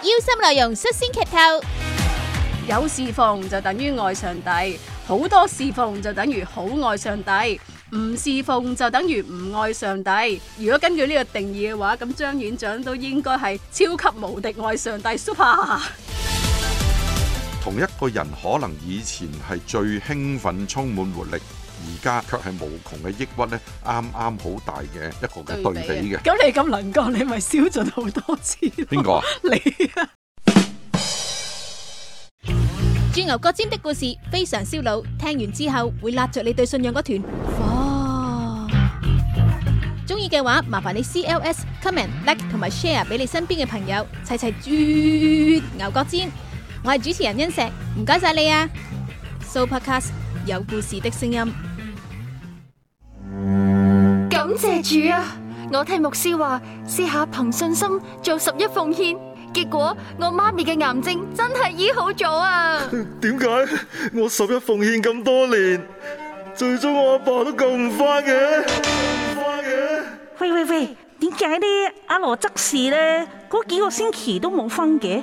腰身內容率先劇透，有侍奉就等於愛上帝，好多侍奉就等於好愛上帝，唔侍奉就等於唔愛上帝。如果根據呢個定義嘅話，咁張院長都應該係超級無敵愛上帝 Super。同一個人可能以前係最興奮、充滿活力。而家卻係無窮嘅抑鬱咧，啱啱好大嘅一個嘅對比嘅。咁你咁能幹，你咪燒盡好多次。邊個啊？你啊！鑽牛角尖的故事非常燒腦，聽完之後會蠟著你對信仰嗰團火。中意嘅話，麻煩你 CLS comment like 同埋 share 俾你身邊嘅朋友，齊齊鑽牛角尖。我係主持人恩石，唔該曬你啊！Sooo Podcast 有故事的聲音。謝主啊！我聽牧師話，試下憑信心做十一奉獻，結果我媽咪嘅癌症真係醫好咗啊！點解我十一奉獻咁多年，最終我阿爸都救唔翻嘅？喂喂喂，點解呢？阿羅則士呢？嗰幾個星期都冇分嘅。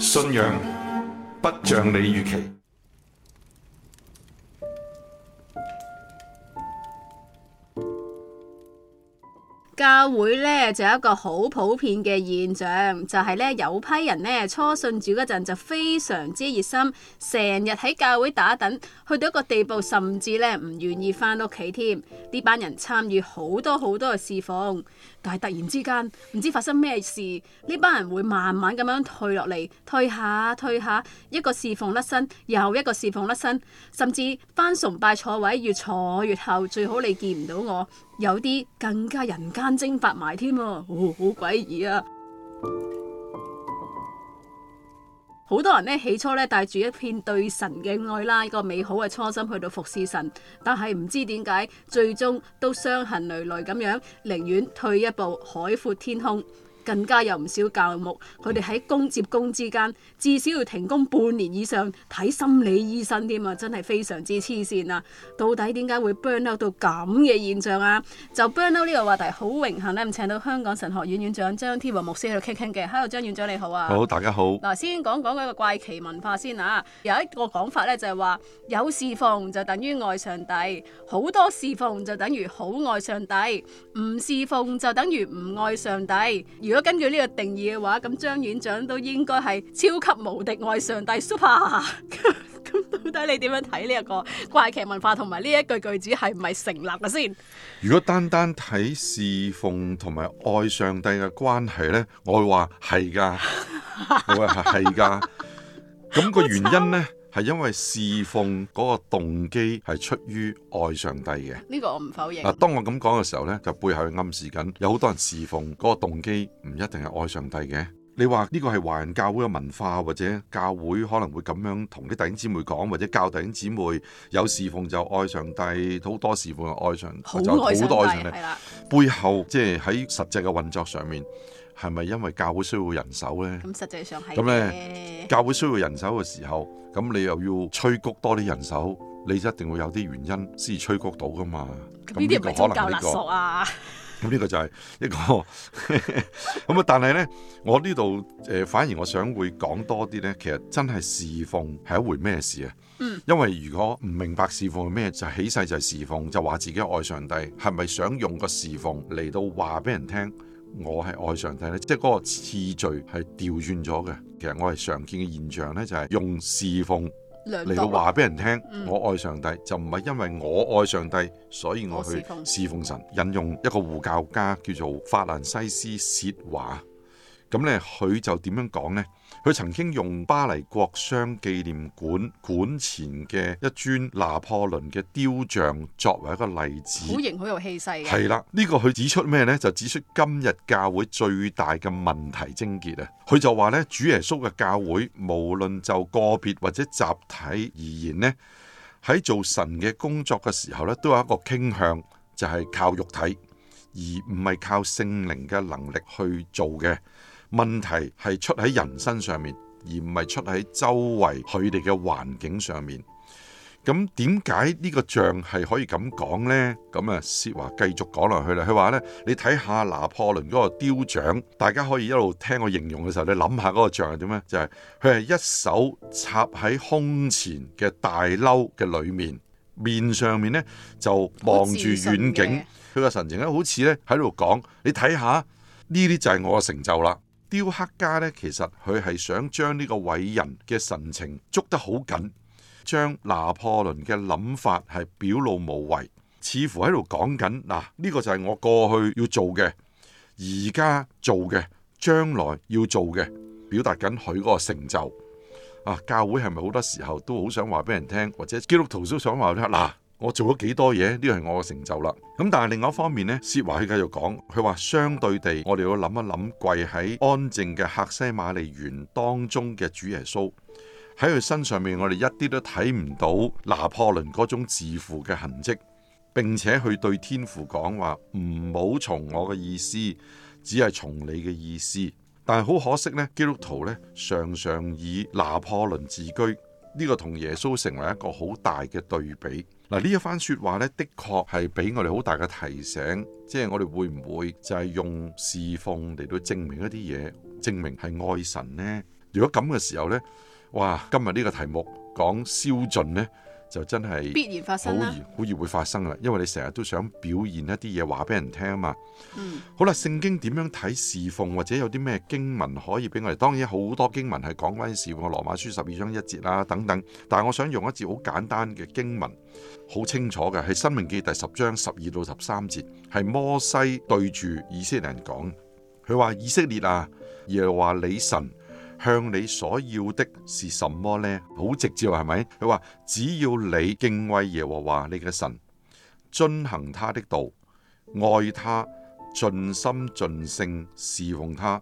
信仰不像你預期。教會呢就有一個好普遍嘅現象，就係呢有批人呢初信主嗰陣就非常之熱心，成日喺教會打躉，去到一個地步，甚至呢唔願意返屋企添。呢班人參與好多好多嘅侍奉。但係突然之間，唔知發生咩事，呢班人會慢慢咁樣退落嚟，退下退下，一個侍奉甩身，又一個侍奉甩身，甚至翻崇拜坐位，越坐越後，最好你見唔到我，有啲更加人間蒸發埋添，好，好詭異呀。好多人，呢起初呢，帶住一片對神嘅愛啦，呢個美好嘅初心去到服侍神，但係唔知點解最終都傷痕累累咁樣，寧願退一步海闊天空。更加有唔少教牧，佢哋喺工接工之間至少要停工半年以上睇心理醫生添啊！真係非常之黐線啊！到底點解會 burn out 到咁嘅現象啊？就 burn out 呢個話題好榮幸咧，咁請到香港神學院院長張天和牧師喺度傾傾嘅，Hello 張院長你好啊！好，大家好。嗱，先講講嗰個怪奇文化先啊！有一個講法咧，就係話有侍奉就等於愛上帝，好多侍奉就等於好愛上帝，唔侍奉就等於唔愛上帝。如果跟住呢個定義嘅話，咁張院長都應該係超級無敵愛上帝 super。咁到底你點樣睇呢一個怪奇文化同埋呢一句句子係唔係成立嘅先？如果單單睇侍奉同埋愛上帝嘅關係呢，我會話係噶，我話係噶。咁 個原因呢？係因為侍奉嗰個動機係出於愛上帝嘅，呢個我唔否認。嗱、啊，當我咁講嘅時候呢，就背後暗示緊有好多人侍奉嗰個動機唔一定係愛上帝嘅。你話呢個係華人教會嘅文化，或者教會可能會咁樣同啲弟兄姊妹講，或者教弟兄姊妹有侍奉就愛上帝，好多侍奉就愛上帝，或者好多愛上帝。的背後即係喺實際嘅運作上面。係咪因為教會需要人手呢？咁實際上係咁咧，教會需要人手嘅時候，咁你又要吹谷多啲人手，你就一定會有啲原因先至吹谷到噶嘛。咁呢啲唔係宗教勒索啊？咁呢個就係一個咁啊！但係呢，我呢度誒，反而我想會講多啲呢，其實真係侍奉係一回咩事啊？嗯。因為如果唔明白侍奉係咩，就起勢就係侍奉，就話自己愛上帝，係咪想用個侍奉嚟到話俾人聽？我係愛上帝咧，即係嗰個次序係調轉咗嘅。其實我係常見嘅現象呢就係用侍奉嚟到話俾人聽，嗯、我愛上帝，就唔係因為我愛上帝，所以我去侍奉神。引用一個護教家叫做法蘭西斯·薛華。咁咧，佢就點樣講呢？佢曾經用巴黎國殤紀念館館前嘅一尊拿破崙嘅雕像作為一個例子，好型，好有氣勢嘅，啊。係啦，呢、這個佢指出咩呢？就指出今日教會最大嘅問題症結啊！佢就話呢，主耶穌嘅教會無論就個別或者集體而言呢，喺做神嘅工作嘅時候呢，都有一個傾向就係、是、靠肉體，而唔係靠聖靈嘅能力去做嘅。問題係出喺人身上面，而唔係出喺周圍佢哋嘅環境上面。咁點解呢個像係可以咁講呢？咁啊，薛華繼續講落去啦。佢話呢：「你睇下拿破崙嗰個雕像，大家可以一路聽我形容嘅時候，你諗下嗰個像係點呢？就係佢係一手插喺胸前嘅大褸嘅裏面，面上面呢，就望住遠景，佢嘅神情咧好似咧喺度講：「你睇下呢啲就係我嘅成就啦。」雕刻家呢，其實佢係想將呢個偉人嘅神情捉得好緊，將拿破崙嘅諗法係表露無遺，似乎喺度講緊嗱，呢個就係我過去要做嘅，而家做嘅，將來要做嘅，表達緊佢嗰個成就。啊，教會係咪好多時候都好想話俾人聽，或者基督徒都想話俾人聽，嗱？我做咗幾多嘢？呢個係我嘅成就啦。咁但係另外一方面呢，薛華佢繼續講，佢話相對地，我哋要諗一諗跪喺安靜嘅客西馬尼園當中嘅主耶穌，喺佢身上面，我哋一啲都睇唔到拿破崙嗰種自負嘅痕跡。並且佢對天父講話，唔好從我嘅意思，只係從你嘅意思。但係好可惜呢，基督徒呢，常常以拿破崙自居，呢、呢個同耶穌成為一個好大嘅對比。嗱，呢一番説話呢，的確係俾我哋好大嘅提醒，即係我哋會唔會就係用侍奉嚟到證明一啲嘢，證明係愛神呢？如果咁嘅時候呢，哇！今日呢個題目講消盡呢。就真係必然發生，好易好易會發生啦，因為你成日都想表現一啲嘢，話俾人聽啊嘛。嗯、好啦，聖經點樣睇侍奉或者有啲咩經文可以俾我哋？當然好多經文係講關於侍奉，羅馬書十二章一節啦等等。但係我想用一節好簡單嘅經文，好清楚嘅，係申命記第十章十二到十三節，係摩西對住以色列人講，佢話，以色列啊，耶和華你神，向你所要的是什麼呢？好直接係咪？佢話只要你敬畏耶和華你嘅神，遵行他的道，愛他，盡心盡性侍奉他，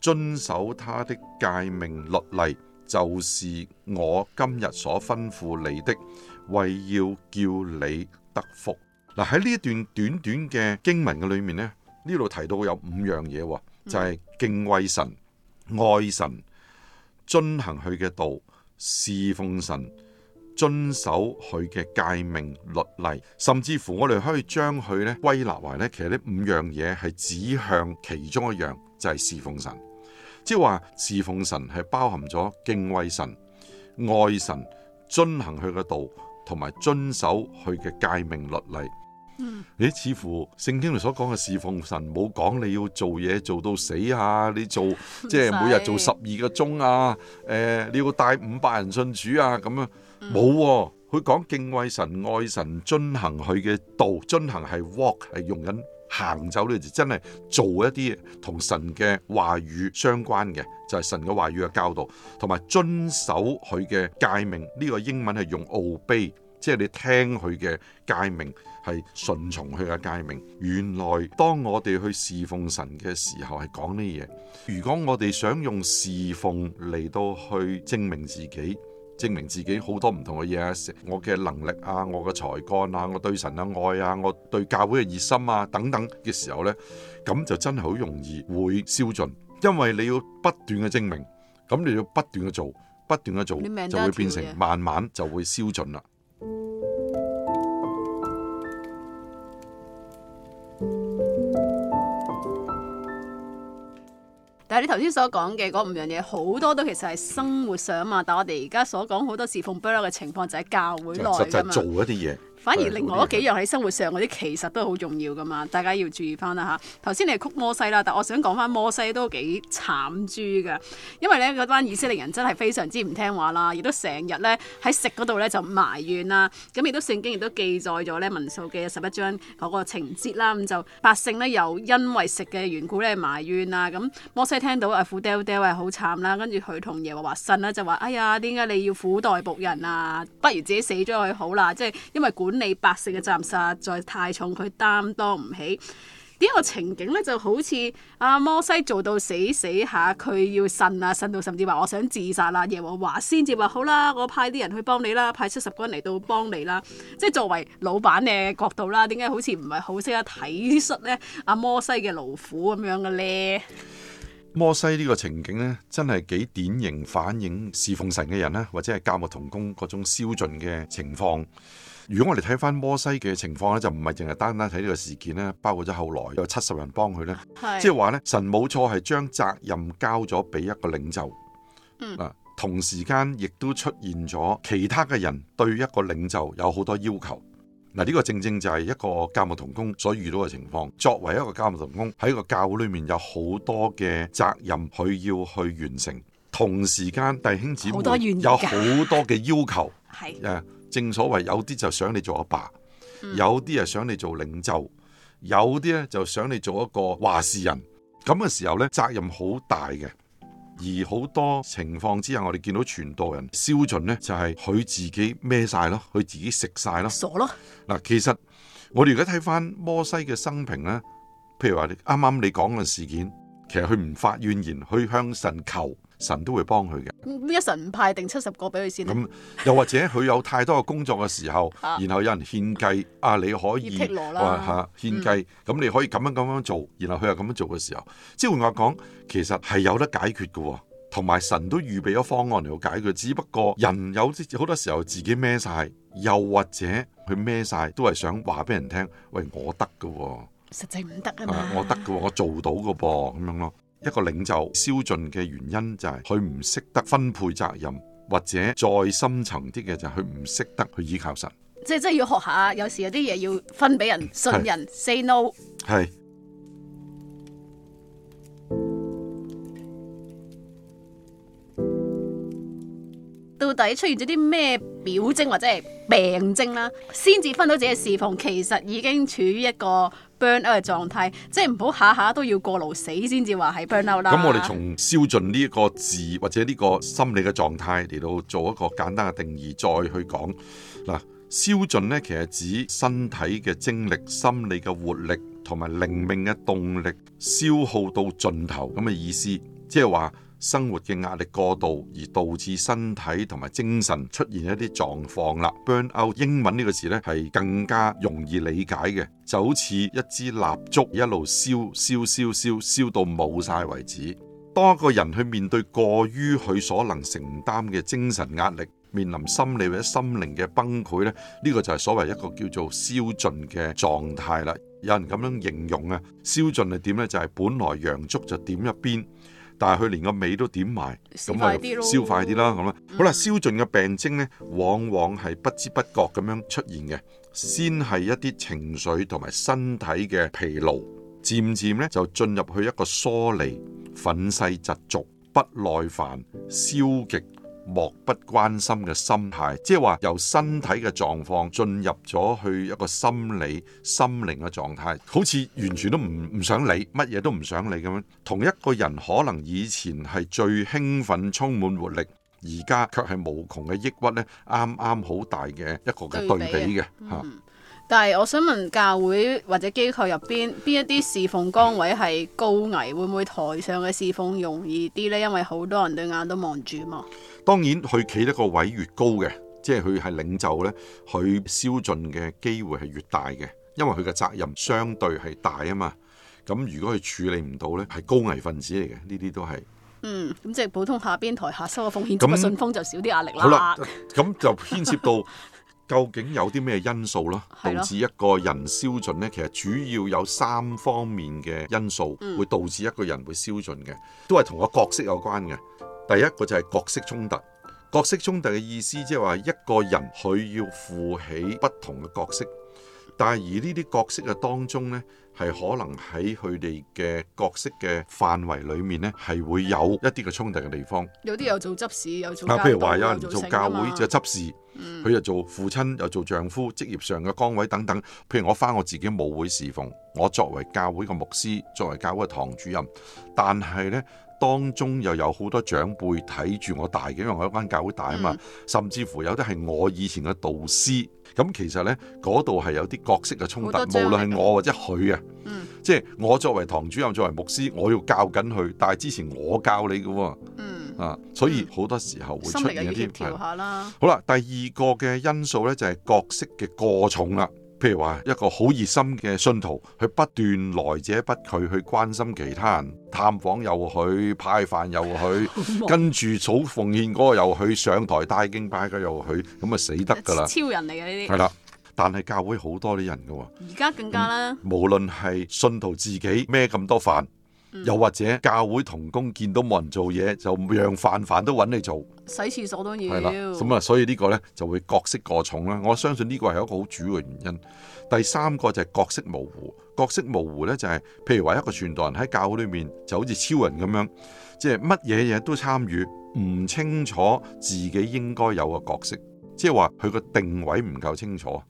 遵守他的誡命律例，就是我今日所吩咐你的，為要叫你得福。嗱，喺呢一段短短嘅經文嘅裏面呢，呢度提到有五樣嘢，就係、是、敬畏神、愛神。遵行佢嘅道，侍奉神，遵守佢嘅誡命律例，甚至乎我哋可以將佢呢歸納為呢，其實呢五樣嘢係指向其中一樣，就係、是、侍奉神。即係話侍奉神係包含咗敬畏神、愛神、遵行佢嘅道，同埋遵守佢嘅誡命律例。你、哎、似乎聖經裏所講嘅侍奉神冇講你要做嘢做到死啊，你做即係每日做十二個鐘啊，誒、呃，你要帶五百人信主啊，咁樣冇。佢講敬畏神、愛神、遵行佢嘅道，遵行係 walk 係用緊行走，呢就真係做一啲同神嘅話語相關嘅，就係、是、神嘅話語嘅教導，同埋遵守佢嘅誡命。呢、這個英文係用 obey，即係你聽佢嘅誡命。係順從佢嘅誡命。原來當我哋去侍奉神嘅時候，係講呢嘢。如果我哋想用侍奉嚟到去證明自己，證明自己好多唔同嘅嘢，我嘅能力啊，我嘅才幹啊，我對神嘅愛啊，我對教會嘅熱心啊等等嘅時候呢，咁就真係好容易會消盡，因為你要不斷嘅證明，咁你要不斷嘅做，不斷嘅做，明就會變成、啊、慢慢就會消盡啦。誒，你頭先所講嘅嗰五樣嘢，好多都其實係生活上啊嘛，但係我哋而家所講好多侍奉不落嘅情況，就喺教會內㗎嘛。實在做一啲嘢。反而另外嗰幾樣喺生活上嗰啲其實都好重要噶嘛，大家要注意翻啦嚇。頭先你係曲摩西啦，但我想講翻摩西都幾慘住嘅，因為呢嗰班以色列人真係非常之唔聽話啦，亦都成日呢喺食嗰度呢就埋怨啊。咁亦都《聖經》亦都記載咗呢民數記嘅十一章嗰個情節啦，咁就百姓呢，又因為食嘅緣故咧埋怨啊。咁摩西聽到啊「苦爹爹」係好慘啦，跟住佢同耶和華神咧就話：哎呀，點解你要苦待僕人啊？不如自己死咗去好啦，即係因為管你百姓嘅責任實在太重，佢擔當唔起。點、這個情景呢？就好似阿摩西做到死死下，佢要呻啊，呻到甚至話我想自殺啦。耶和華先至話好啦，我派啲人去幫你啦，派七十個人嚟到幫你啦。即係作為老闆嘅角度啦，點解好似唔係好識得體恤呢？阿摩西嘅勞苦咁樣嘅呢？摩西呢個情景呢，真係幾典型，反映侍奉神嘅人呢，或者係教牧同工嗰種消盡嘅情況。如果我哋睇翻摩西嘅情況咧，就唔係淨係單單睇呢個事件咧，包括咗後來有七十人幫佢咧，是即係話咧，神冇錯係將責任交咗俾一個領袖，嗱、嗯、同時間亦都出現咗其他嘅人對一個領袖有好多要求，嗱、這、呢個正正就係一個教牧同工所遇到嘅情況。作為一個教牧同工喺個教會裏面有好多嘅責任，佢要去完成，同時間弟兄姊妹有好多嘅要求。誒，是 uh, 正所謂有啲就想你做阿爸，爸，有啲啊想你做領袖，有啲咧就想你做一個話事人。咁嘅時候呢，責任好大嘅。而好多情況之下，我哋見到傳道人燒盡呢就係、是、佢自己孭晒咯，佢自己食晒咯，傻咯，嗱了，其實我哋而家睇翻摩西嘅生平呢，譬如話啱啱你講嘅事件，其實佢唔發怨言，去向神求。神都會幫佢嘅，呢一神派定七十個俾佢先。咁、嗯、又或者佢有太多嘅工作嘅時候， 然後有人獻計，啊你可以，吓、啊、獻計，咁、嗯嗯、你可以咁樣咁樣做，然後佢又咁樣做嘅時候，即係換話講，其實係有得解決嘅，同埋神都預備咗方案嚟到解決，只不過人有好多時候自己孭晒，又或者佢孭晒都係想話俾人聽，喂我得嘅，實際唔得啊，我得嘅、嗯，我做到嘅噃咁樣咯。一個領袖燒盡嘅原因就係佢唔識得分配責任，或者再深層啲嘅就係佢唔識得去依靠神，即係真係要學下，有時有啲嘢要分俾人，信人是 say no。到底出現咗啲咩表徵或者係病徵啦，先至分到自己嘅侍奉，其實已經處於一個 burnout 嘅狀態，即係唔好下下都要過勞死先至話係 burnout 啦。咁、嗯、我哋從消盡呢一個字或者呢個心理嘅狀態嚟到做一個簡單嘅定義，再去講嗱，消盡咧其實指身體嘅精力、心理嘅活力同埋靈命嘅動力消耗到盡頭咁嘅意思，即係話，生活嘅壓力過度而導致身體同埋精神出現一啲狀況啦。Burn out 英文呢個詞呢，係更加容易理解嘅，就好似一支蠟燭一路燒燒燒燒燒，燒到冇晒為止。當一個人去面對過於佢所能承擔嘅精神壓力，面臨心理或者心靈嘅崩潰呢，呢、呢個就係所謂一個叫做燒盡嘅狀態啦。有人咁樣形容啊，燒盡係點呢？就係、是、本來洋燭就點一邊。但係佢連個尾都點埋，咁啊燒快啲啦。咁啊好啦，燒盡嘅病徵呢，往往係不知不覺咁樣出現嘅，嗯、先係一啲情緒同埋身體嘅疲勞，漸漸呢就進入去一個疏離、憤世嫉俗、不耐煩、消極、漠不關心嘅心態，即係話由身體嘅狀況進入咗去一個心理心靈嘅狀態，好似完全都唔唔想理，乜嘢都唔想理咁樣。同一個人可能以前係最興奮、充滿活力，而家卻係無窮嘅抑鬱呢，啱啱好大嘅一個嘅對比嘅嚇。但係我想問教會或者機構入邊邊一啲侍奉崗位係高危，會唔會台上嘅侍奉容易啲呢？因為好多人對眼都望住嘛。當然，佢企得個位越高嘅，即係佢係領袖呢，佢燒盡嘅機會係越大嘅，因為佢嘅責任相對係大啊嘛。咁如果佢處理唔到呢，係高危分子嚟嘅，呢啲都係。嗯，咁即係普通下邊台下收個奉獻，咁那信封就少啲壓力啦。好啦，咁就牽涉到。 究竟有啲咩因素啦，導致一個人消盡呢？其實主要有三方面嘅因素會導致一個人會消盡嘅，都係同個角色有關嘅。第一個就係角色衝突，角色衝突嘅意思即係話一個人佢要負起不同嘅角色，但係而呢啲角色嘅當中呢。係可能喺佢哋嘅角色嘅範圍裏面呢，係會有一啲嘅衝突嘅地方。有啲有做執事，有做，嗱，譬如話有人做教會有做執事，佢又做父親，又做丈夫，職業上嘅崗位等等。譬如我翻我自己母會侍奉，我作為教會嘅牧師，作為教會嘅堂主任，但係呢。當中又有好多長輩睇住我大嘅，因為我一間教會大啊嘛，嗯、甚至乎有啲係我以前嘅導師。咁其實呢嗰度係有啲角色嘅衝突，無論係我或者佢啊，嗯、即係我作為堂主任，作為牧師，我要教緊佢，但係之前我教你㗎喎，嗯、啊，所以好多時候會出現一啲，調下，好啦，第二個嘅因素呢，就係角色嘅過重啦。譬如話一個好熱心嘅信徒，佢不斷來者不拒去關心其他人，探訪又去，派飯又去，跟住早奉獻嗰個又去，上台帶敬拜嗰個又去，咁啊 死得噶啦！超人嚟嘅，呢啲係啦，但係教會好多啲人噶喎，而家更加啦、嗯，加無論係信徒自己孭咁多飯。又或者教會同工見到冇人做嘢，就讓飯飯都揾你做，洗廁所都要。係啦，咁啊，所以呢個呢，就會角色過重啦。我相信呢個係一個好主要嘅原因。第三個就係角色模糊，角色模糊呢，就係，就係譬如話一個傳道人喺教會裡面就好似超人咁樣，即係乜嘢嘢都參與，唔清楚自己應該有個角色，即係話佢個定位唔夠清楚。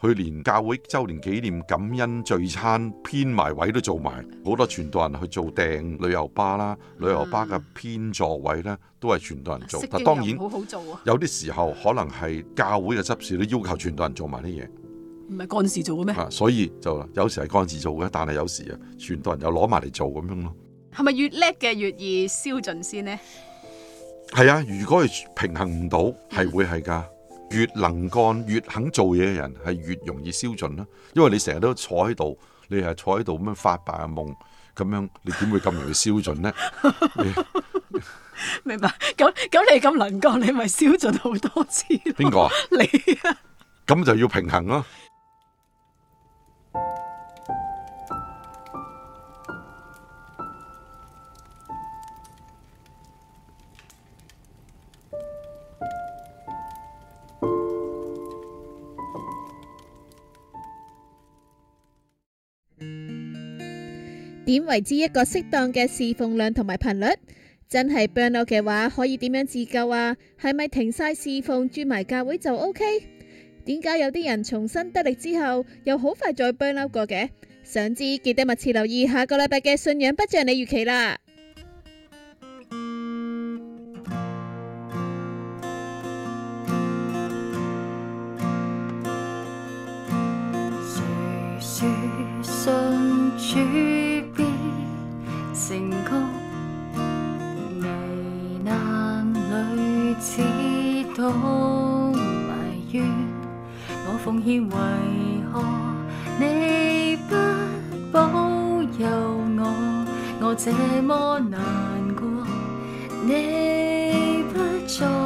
佢連教會周年紀念感恩聚餐編埋位都做埋，好多傳道人去做訂旅遊巴啦，旅遊巴嘅編座位咧都係傳道人做。但係當然有啲時候可能係教會嘅執事都要求傳道人做埋啲嘢。唔係幹事做嘅咩？所以就有時係幹事做嘅，但係有時啊，傳道人又攞埋嚟做咁樣咯。係咪越叻嘅越易燒盡先呢？係啊，如果係平衡唔到，係會係噶。 越能幹越肯做嘢嘅人係越容易消盡啦，因為你成日都坐喺度，你係坐喺度咁樣發白日夢咁樣，你點會咁容易消盡咧？明白？咁咁你咁能幹，你咪消盡好多次？邊個啊？你啊？咁就要平衡咯。點為之一個適當嘅侍奉量同埋頻率？真係 burnout 嘅話，可以點樣自救啊？係咪停晒侍奉，轉埋教會就 OK？點解有啲人重新得力之後，又好快再 burnout 過嘅？想知記得密切留意下個禮拜嘅信仰不像你預期啦。埋怨我奉獻，為何你不保佑我？我這麼難過，你不在。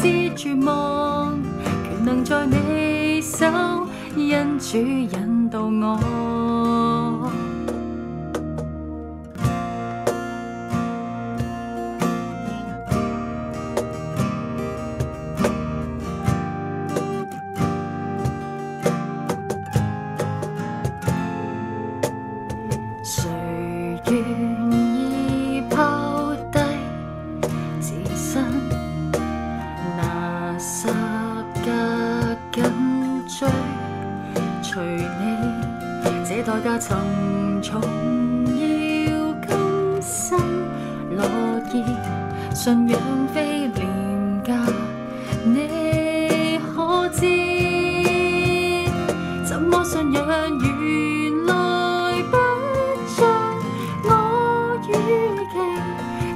是絕望，權能在你手，因主引導我。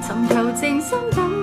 尋求靜心等。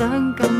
想緊。